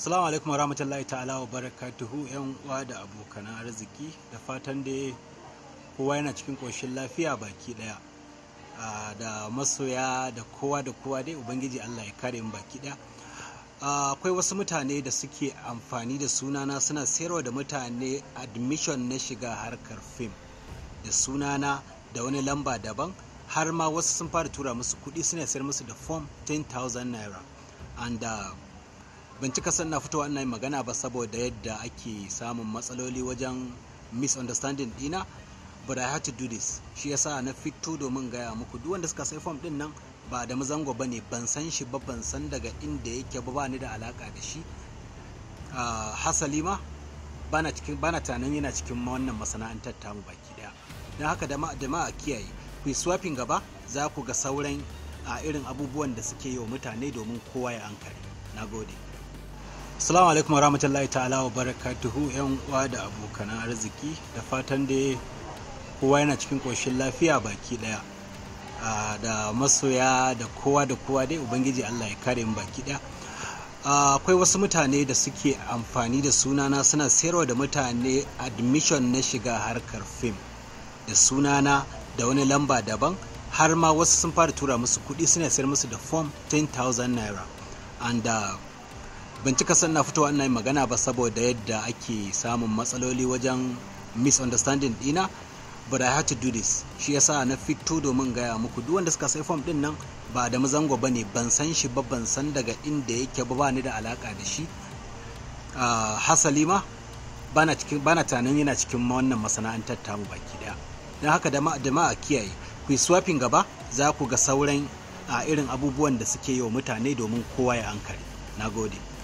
Assalamu alaikum warahmatullahi ta'ala wa barakatuhu yan uwa da abokan arziki da fatan da kowa yana cikin koshin lafiya baki daya da masoya da kowa da kowa dai ubangiji Allah ya kare mu baki daya akwai wasu mutane da suke amfani da sunana suna sayarwa da mutane admission na shiga harkar fim da sunana da wani lamba daban har ma wasu sun fara tura musu kuɗi suna sayar musu da form 10,000 naira and uh, ban cika na fitowa ina yin magana ba saboda yadda ake samun matsaloli wajen misunderstanding dina but I had to do this shi yasa na fito domin gaya muku duk wanda suka sai fom din nan ba da mazango ba ne ban san shi ba ban san daga inda yake ba ni da alaka da shi ah, hasali ma bana na tunanin yana cikin wannan masana'antar tamu baki daya don haka da ma a kiyaye ku swapping gaba za ku ga sauran a ah, irin abubuwan da suke yi wa mutane domin kowa ya ankare na gode assalamu alaikum wa ta'ala wa barakatuhu yan uwa da abokan arziki da fatan da kowa yana cikin koshin lafiya baki daya da masoya da kowa da kowa dai ubangiji allah ya kare mu baki daya akwai wasu mutane da suke amfani da sunana suna sayarwa da mutane admission na shiga harkar fim da sunana da wani lamba daban har ma wasu sun fara tura musu kuɗi suna sayar musu da form 10,000 naira and uh, bincika san na fitowa ina magana ba saboda yadda ake samun matsaloli wajen misunderstanding dina but I had to do this shi yasa na fito domin gaya muku duk wanda suka sai form din nan ba da mazango ba ne ban san shi ba ban san daga inda yake ba ba ni da alaka da shi ah, hasali ma bana cikin tunanin yana cikin wannan masana'antar tamu baki daya don haka da ma a kiyaye ku gaba za ku ga sauran a ah, irin abubuwan da suke yi wa mutane domin kowa ya hankali na gode